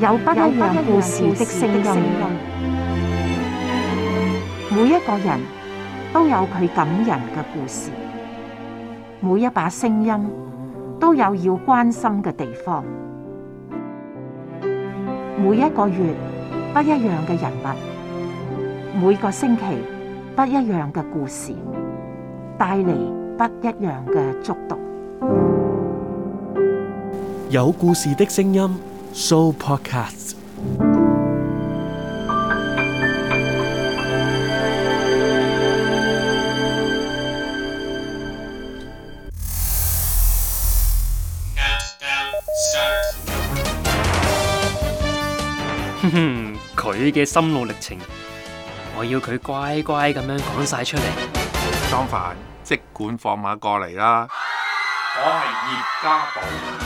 有不一樣故事的聲音，每一個人都有佢感人嘅故事，每一把聲音都有要關心嘅地方，每一個月不一樣嘅人物，每個星期不一樣嘅故事，帶嚟不一樣嘅觸動。有故事的聲音。So podcast。哼 哼，佢嘅 心路歷程，我要佢乖乖咁樣講晒出嚟。莊凡，即管放馬過嚟啦！我係葉家寶。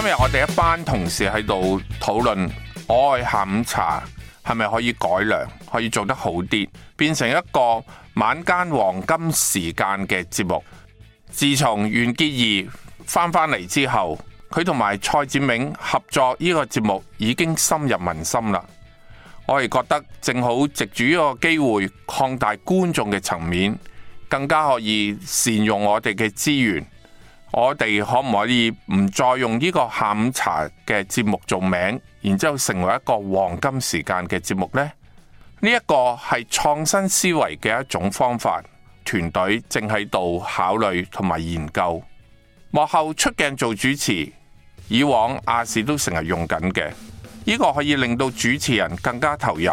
今日我哋一班同事喺度討論，我愛下午茶係咪可以改良，可以做得好啲，變成一個晚間黃金時間嘅節目。自從袁潔儀翻返嚟之後，佢同埋蔡展銘合作呢個節目已經深入民心啦。我哋覺得正好藉住呢個機會，擴大觀眾嘅層面，更加可以善用我哋嘅資源。我哋可唔可以唔再用呢個下午茶嘅節目做名，然之後成為一個黃金時間嘅節目咧？呢、這、一個係創新思維嘅一種方法。團隊正喺度考慮同埋研究幕後出鏡做主持，以往亞視都成日用緊嘅。呢、這個可以令到主持人更加投入，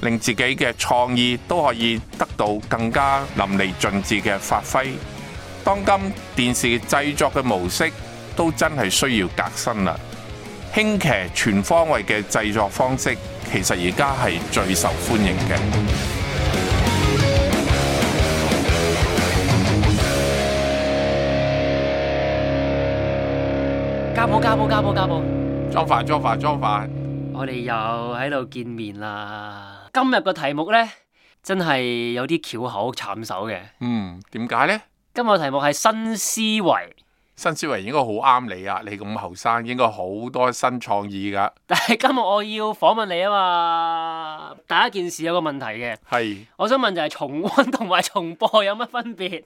令自己嘅創意都可以得到更加淋漓盡致嘅發揮。當今電視製作嘅模式都真係需要革新啦，輕騎全方位嘅製作方式，其實而家係最受歡迎嘅。加波加波加波加波，裝飯裝飯裝飯，我哋又喺度見面啦。今日嘅題目呢，真係有啲巧口慘手嘅。嗯，點解呢？今日題目係新思維，新思維應該好啱你啊！你咁後生，應該好多新創意噶。但係今日我要訪問你啊嘛，第一件事有個問題嘅，係是我想問就係重溫同埋重播有乜分別？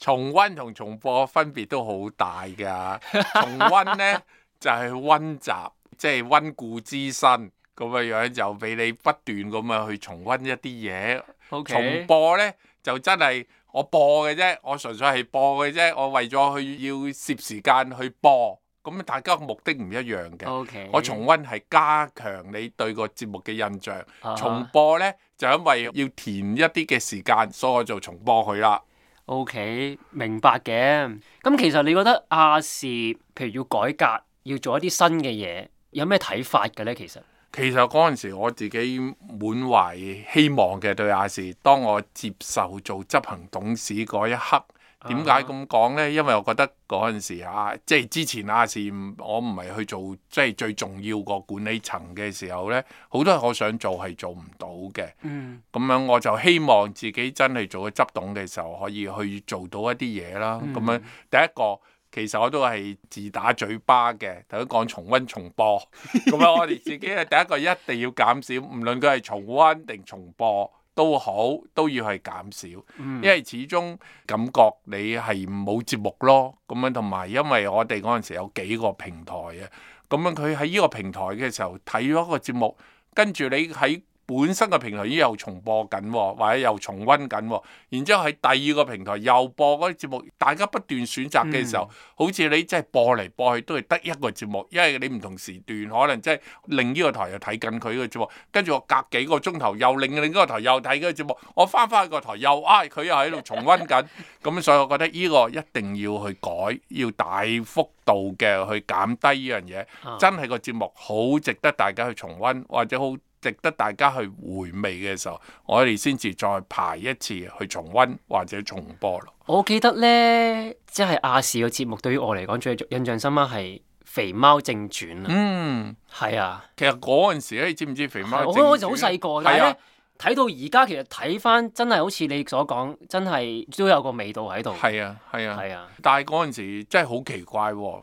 重溫同重播分別都好大噶。重溫呢， 就係溫習，即係溫故知新。咁樣樣就俾你不斷咁樣去重溫一啲嘢，Okay. 重播呢，就真係我播嘅啫，我純粹係播嘅啫，我為咗去要攝時間去播，咁大家目的唔一樣嘅。Okay. 我重溫係加強你對個節目嘅印象，uh huh. 重播呢，就因為要填一啲嘅時間，所以我就重播佢啦。OK，明白嘅。咁其實你覺得亞視，譬如要改革，要做一啲新嘅嘢，有咩睇法嘅呢？其實？其實嗰陣時我自己滿懷希望嘅對亞視，當我接受做執行董事嗰一刻，點解咁講呢？因為我覺得嗰陣時啊，即係之前亞視我唔係去做即係最重要個管理層嘅時候呢，好多我想做係做唔到嘅。嗯，咁樣我就希望自己真係做咗執董嘅時候，可以去做到一啲嘢啦。咁樣第一個。其實我都係自打嘴巴嘅，頭先講重溫重播，咁樣我哋自己係第一個一定要減少，唔 論佢係重溫定重播都好，都要係減少，嗯、因為始終感覺你係冇節目咯。咁樣同埋因為我哋嗰陣時有幾個平台嘅，咁樣佢喺呢個平台嘅時候睇咗個節目，跟住你喺本身個平台已經又重播緊，或者又重溫緊，然之後喺第二個平台又播嗰啲節目，大家不斷選擇嘅時候，好似你即係播嚟播去都係得一個節目，因為你唔同時段可能即係另呢個台又睇緊佢個節目。跟住我隔幾個鐘頭又另另嗰個台又睇嗰個節目，我翻翻個台又啊，佢又喺度重溫緊，咁所以我覺得呢個一定要去改，要大幅度嘅去減低呢樣嘢，真係個節目好值得大家去重溫或者好。值得大家去回味嘅時候，我哋先至再排一次去重温或者重播咯。我記得呢，即係亞視嘅節目，對於我嚟講最印象深刻係《肥貓正傳》啊、呃。嗯，係啊。其實嗰陣時咧，你知唔知《肥貓正傳》？我嗰陣時好細個，但係咧睇到而家，其實睇翻真係好似你所講，真係都有個味道喺度。係啊，係啊，係啊。但係嗰陣時真係好奇怪喎！誒，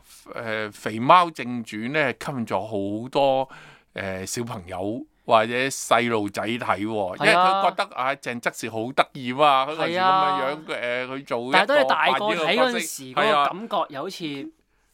《肥貓正傳》呢吸引咗好多誒小朋友。或者細路仔睇喎，因為佢覺得阿鄭則仕好得意嘛，佢嗰陣咁嘅樣誒，佢做。但係都係大個睇嗰陣時，嗰個感覺又好似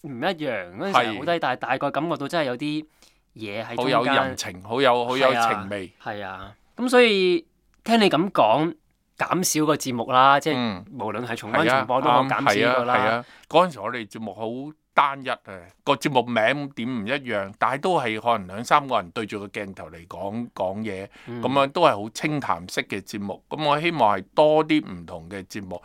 唔一樣嗰陣好低，大，大概感覺到真係有啲嘢喺中間好有人情，好有好有情味。係啊，咁所以聽你咁講，減少個節目啦，即係無論係重溫重播都可減少個啦。嗰陣時我哋節目好。單一啊，個節目名點唔一樣，但係都係可能兩三個人對住個鏡頭嚟講講嘢，嗯、咁樣都係好清談式嘅節目。咁我希望係多啲唔同嘅節目。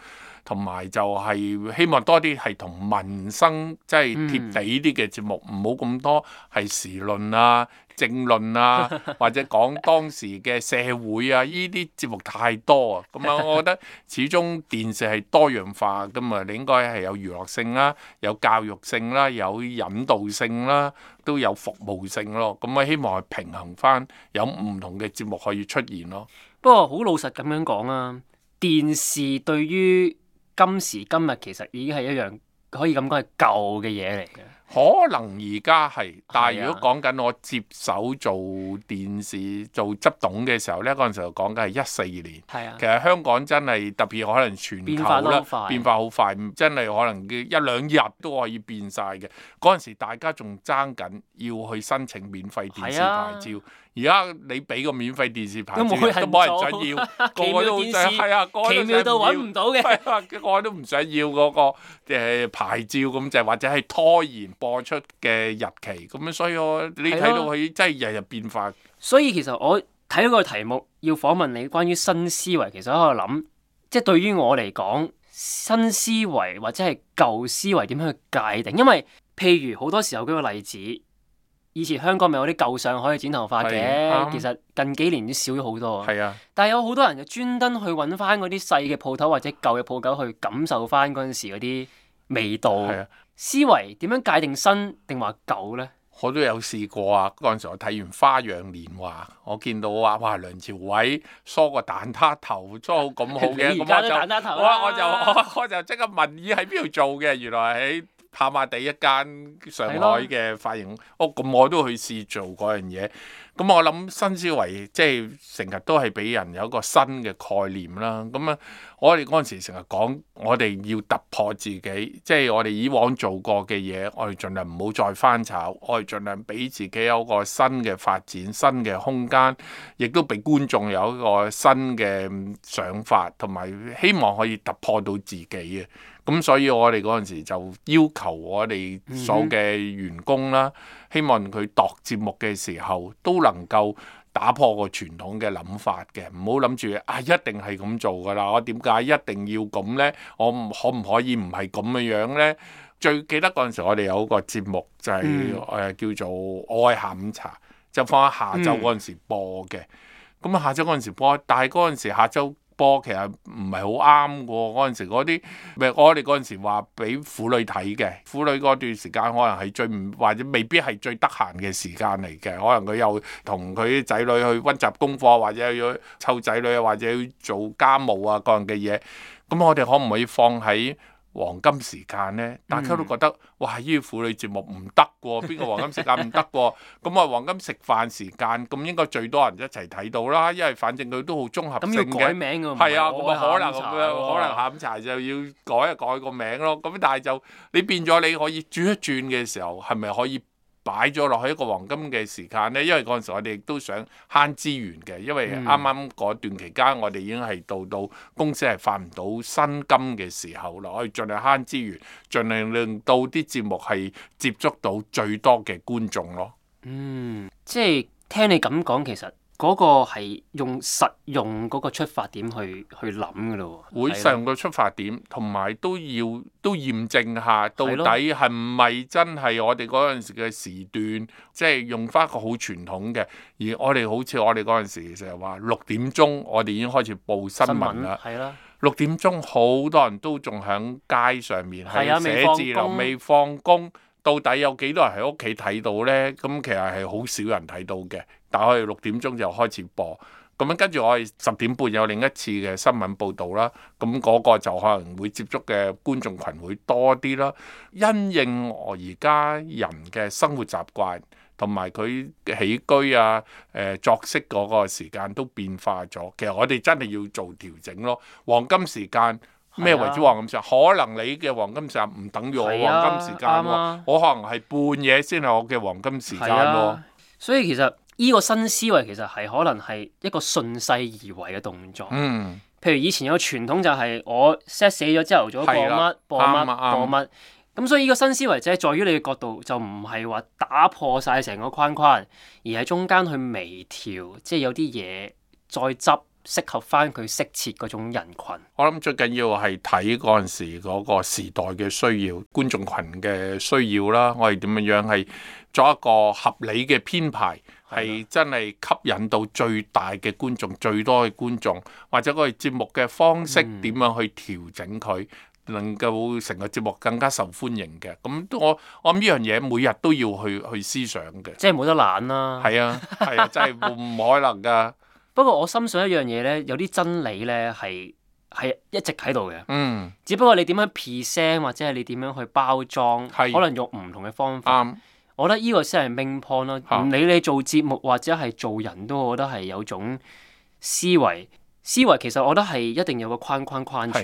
同埋就係希望多啲係同民生即係、就是、貼地啲嘅節目，唔好咁多係時論啊、政論啊， 或者講當時嘅社會啊，呢啲節目太多啊。咁啊，我覺得始終電視係多樣化㗎嘛，你應該係有娛樂性啦、有教育性啦、有引導性啦，都有服務性咯。咁啊，希望係平衡返有唔同嘅節目可以出現咯。不過好老實咁樣講啊，電視對於今時今日其實已經係一樣可以咁講係舊嘅嘢嚟嘅。可能而家係，但係、啊、如果講緊我接手做電視做執董嘅時候咧，嗰陣時候講緊係一四年。啊、其實香港真係特別可能全球咧變化好快，快，真係可能一兩日都可以變晒嘅。嗰陣時大家仲爭緊要去申請免費電視牌照，而家、啊、你俾個免費電視牌照都冇人，人想要，個個都唔想，係啊，奇妙都揾唔到嘅，我都唔想要嗰個誒牌照咁就，或者係拖延。播出嘅日期咁樣，所以我你睇到佢真係日日變化。所以其實我睇到個題目要訪問你關於新思維，其實喺度諗，即係對於我嚟講，新思維或者係舊思維點樣去界定？因為譬如好多時候舉個例子，以前香港咪有啲舊上海剪頭髮嘅，的其實近幾年都少咗好多。係啊的！但係有好多人就專登去揾翻嗰啲細嘅鋪頭或者舊嘅鋪頭去感受翻嗰陣時嗰啲味道。係啊！思維點樣界定新定話舊咧？我都有試過啊！嗰陣時我睇完《花樣年華》，我見到話哇，梁朝偉梳個蛋撻頭，梳到咁好嘅，咁我就哇，我就我就即刻問：咦，喺邊度做嘅？原來喺跑馬地一間上海嘅髮型屋。咁的我都去試做嗰樣嘢。咁我諗新思維即係成日都係俾人有一個新嘅概念啦。咁啊，我哋嗰陣時成日講，我哋要突破自己，即係我哋以往做過嘅嘢，我哋盡量唔好再翻炒，我哋盡量俾自己有一個新嘅發展、新嘅空間，亦都俾觀眾有一個新嘅想法，同埋希望可以突破到自己嘅。咁所以我哋嗰陣時就要求我哋所嘅員工啦。嗯希望佢度節目嘅時候，都能夠打破個傳統嘅諗法嘅，唔好諗住啊，一定係咁做㗎啦。我點解一定要咁呢？我可唔可以唔係咁嘅樣呢？最記得嗰陣時我、就是嗯呃，我哋有個節目就係誒叫做愛下午茶，就放喺下晝嗰陣時播嘅。咁啊、嗯，下晝嗰陣時播，但係嗰陣時下晝。波其實唔係好啱嘅，嗰時嗰啲，咪我哋嗰陣時話俾婦女睇嘅，婦女嗰段時間可能係最唔或者未必係最得閒嘅時間嚟嘅，可能佢又同佢啲仔女去温習功課，或者要湊仔女，或者要做家務啊，各樣嘅嘢，咁我哋可唔可以放喺黃金時間呢，大家都覺得、嗯、哇，呢啲婦女節目唔得過，邊個黃金時間唔得過？咁啊，黃金食飯時間，咁應該最多人一齊睇到啦，因為反正佢都好綜合性嘅，咁要改名喎？係啊，咁我們 可能、啊、可能下午茶就要改一改個名咯。咁但係就你變咗你可以轉一轉嘅時候，係咪可以？擺咗落去一個黃金嘅時間呢，因為嗰陣時我哋亦都想慳資源嘅，因為啱啱嗰段期間我哋已經係到到公司係發唔到薪金嘅時候啦，我哋盡量慳資源，盡量令到啲節目係接觸到最多嘅觀眾咯。嗯，即係聽你咁講，其實。嗰個係用實用嗰個出發點去去諗噶咯，會實用個出發點，同埋都要都驗證下到底係唔係真係我哋嗰陣時嘅時段，即係用翻一個好傳統嘅。而我哋好似我哋嗰陣時成日話六點鐘，我哋已經開始報新聞啦。係啦，六點鐘好多人都仲喺街上面係寫字樓，未放工。到底有幾多人喺屋企睇到呢？咁其實係好少人睇到嘅。打開六點鐘就開始播，咁樣跟住我哋十點半有另一次嘅新聞報道啦。咁嗰個就可能會接觸嘅觀眾群會多啲啦。因應我而家人嘅生活習慣同埋佢起居啊、誒作息嗰個時間都變化咗，其實我哋真係要做調整咯。黃金時間。咩為之黃金時間？可能你嘅黃金時間唔等於我嘅黃金時間喎，啊啊、我可能係半夜先係我嘅黃金時間咯、啊。所以其實依個新思維其實係可能係一個順勢而為嘅動作。嗯、譬如以前有個傳統就係我 set 死咗之後做咗播乜播乜播乜，咁、啊、所以依個新思維就係在於你嘅角度就唔係話打破晒成個框框，而係中間去微調，即、就、係、是、有啲嘢再執。適合翻佢適切嗰種人群。我諗最緊要係睇嗰陣時嗰個時代嘅需要，觀眾群嘅需要啦。我係點樣樣係作一個合理嘅編排，係的真係吸引到最大嘅觀眾、最多嘅觀眾，或者我哋節目嘅方式點樣去調整佢，嗯、能夠成個節目更加受歡迎嘅。咁我我諗呢樣嘢每日都要去去思想嘅。即係冇得懶啦。係啊係啊，真係唔可能㗎。 不過我深信一樣嘢咧，有啲真理咧係係一直喺度嘅。嗯，只不過你點樣 present 或者係你點樣去包裝，是可能用唔同嘅方法。對我覺得呢個先係 main point 啦。唔理你做節目或者係做人都，我覺得係有種思維思維，其實我覺得係一定有個框框框住。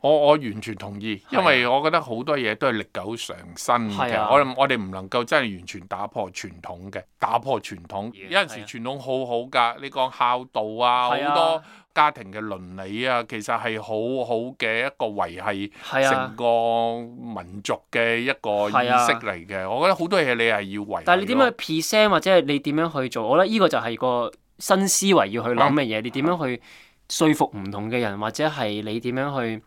我我完全同意，因為我覺得好多嘢都係歷久常新嘅。啊、我我哋唔能夠真係完全打破傳統嘅，打破傳統。Yeah, 有陣時傳統好好㗎，啊、你講孝道啊，好、啊、多家庭嘅倫理啊，其實係好好嘅一個維繫，成、啊、個民族嘅一個意識嚟嘅。啊、我覺得好多嘢你係要維。但係你點樣去 present 或者係你點樣去做？我覺得呢個就係個新思維要去諗嘅嘢。啊、你點樣去說服唔同嘅人，或者係你點樣去？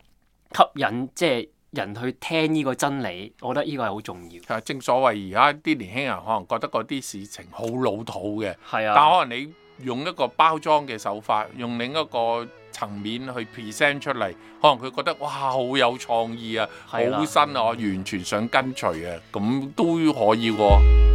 吸引即係人去聽呢個真理，我覺得呢個係好重要。係啊，正所謂而家啲年輕人可能覺得嗰啲事情好老土嘅，係啊。但可能你用一個包裝嘅手法，用另一個層面去 present 出嚟，可能佢覺得哇好有創意啊，好、啊、新啊，啊我完全想跟隨啊，咁都可以喎。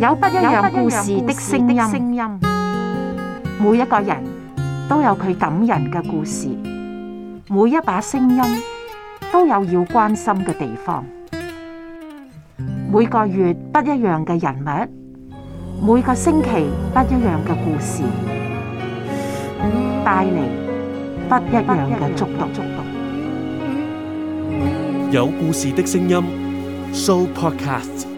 有不一樣故事的聲音，每一個人都有佢感人嘅故事，每一把聲音都有要關心嘅地方。每個月不一樣嘅人物，每個星期不一樣嘅故事，帶嚟不一樣嘅觸動。有故事的聲音，Show Podcast。